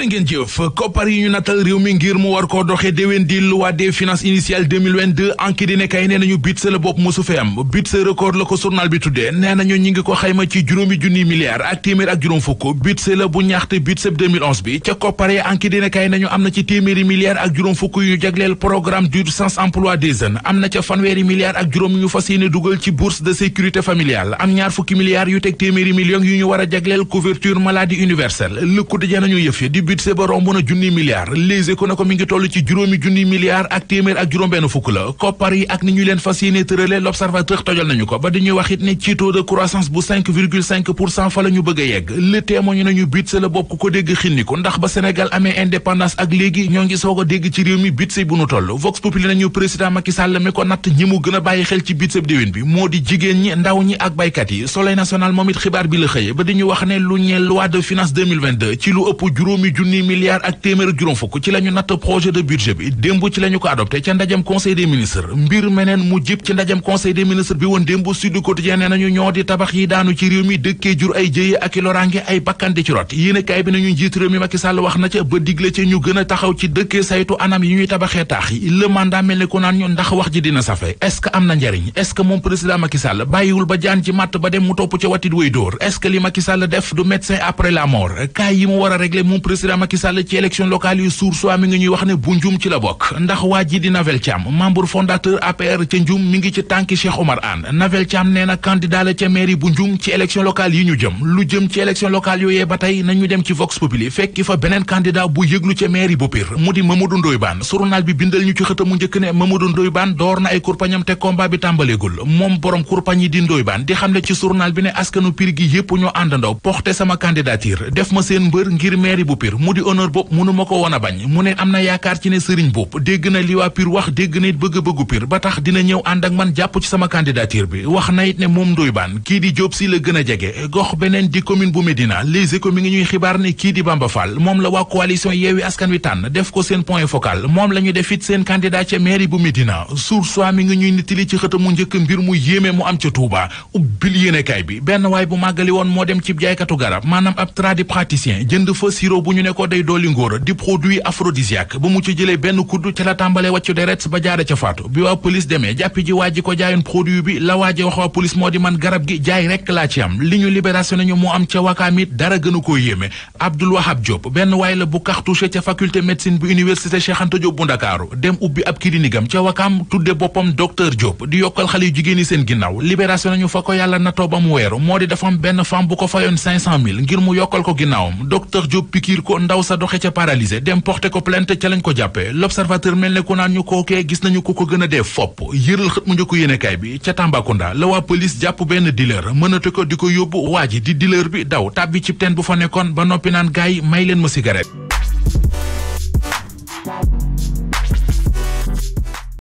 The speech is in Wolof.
jërë ngeen jëf koppar yi ñu natal réew mi ngir mu war koo doxe déwén di loi des finances initiale 2022 anki di nekay nee nañu bit sa la bopp fe am bit sa record la ko journal bi tuddee nee nañu ñi ngi ko xayma ci juróomi junniy milliards ak téeméer ak juróom fukk bit sa la bu ñaxte bit sa 2011 bi ca koppar anki di nekay nañu amna na ci téeméeri milliards ak juróom fukk yu ñu jagleel programme d'urgence emploi des jeunes am na ca fanweeri milliards ak juróom yu ñu fas ci bourse de sécurité familiale am ñaar fukki milliards yu teg téeméeri millions yu ñu war a jagleel couverture maladie universelle lëkku daje nañu yëf di budget ba romb na junni milliards léegi ko ne ko mi ngi toll ci juróomi junni milliards ak téeméer ak juróom benn fukk la koppar yi ak ni ñu leen fas yéene tërale l'observateur tojal nañu ko ba dañuy wax it ci taux de croissance bu fa la bëgg a yegg le témoigne nañu budget la bopp ku ko dégg xinni ko ndax ba Sénégal amee indépendance ak léegi ñoo ngi soog a dégg ci réew mi budget bu nu toll Vox Populi nañu président Macky mi ko natt ñi mu junniy juróom fukk ci la natt projet de budget bi démb ci la ko adopté ca ndajam conseil des ministres mbir meneen mu jib ci ndajam conseil des ministres bi woon démb Sud Quotidien nee nañu ñoo di tabax yi daanu ci réew mi dëkkee jur ay jëye ak i ay bakkan ci rot yéenekaay bi nañu njiit réew mi Macky Sall wax na ca ba digle ca ñu gën a taxaw ci dëkkee saytu anam yi ñuy tabaxee taax yi le mandat mel ni ko ndax wax ji dina safe est am na njariñ est a régler moom candidat Macky Sall ci élection locale yu suur soi mi ngi ñuy wax ne bu njum ci la bokk ndax waa ji di Navel Thiam membre fondateur APR ca njum mi ngi ci tànki Cheikh Omar Anne Navel Thiam nee na candidat la ca mairie bu njum ci élection locale yi ñu jëm lu jëm ci élection locale yooyee ba tey nañu dem ci Vox Populi fekki fa beneen candidat bu yëglu ca mairie bu Pire mu di Mamadou Ndoye Bane journal bi bindal ñu ci xët njëkk ne ma seen mbër ngir mu di honneur bopp mënu ko woon a bañ mu ne am na yaakaar ci ne sëriñ bopp dégg na li waa wax dégg na it bëgg-bëggu pur ba tax dina ñëw ànd ak man jàpp ci sama candidature bi wax na it ne moom ndoy baan kii di Diop si la gën a jege gox beneen di commune bu Médina Les Échos mi ngi ñuy xibaar ne kii di Bamba Fall moom la waa coalition Yewwi Askan Wi tànn def ko seen point focal moom la ñu def it seen candidat ca mairie bu Médina Source A mi ngi ñuy nittali ci njëkk mbir mu yéeme mu am ca Touba bi benn waay bu màggali woon moo dem ci jaaykatu garab maanaam ab tradipraticien jënd fa sirop bu ñu ñu ne ko day dooli ngóora di produit aphrodisiaque ba mu ci jëlee benn kudd ca la tàmbalee wàccu deret ba jaare ca faatu bi waa police demee jàppi ji waa ji ko jaayoon produit bi la waaje wax waa police moo di man garab gi jaay rekk laa ci am li ñu libération nañu moo am ca wakaam it dara gënu koo yéeme Abdoul Wahab Diop benn waay la bu cartouché ca faculté médecine bu université Cheikh Anta bu Ndakaaru dem ubbi ab clinique am ca wakaam tudde boppam docteur ko ndaw sa doxe ca paralysé dem porté ko plainte ca lañ ko jàppee l'observateur mel ne ku naan ñu ko kookee gis nañu ku ko gën a dee fopp yëral xët mu njëkk yéenekaay bi ca Tambacounda la waa police jàpp benn dealer mënatu ko di ko yóbbu waa ji di dealer bi daw tàbbi ci teen bu fa nekkoon ba noppi naan gaay may leen ma cigarette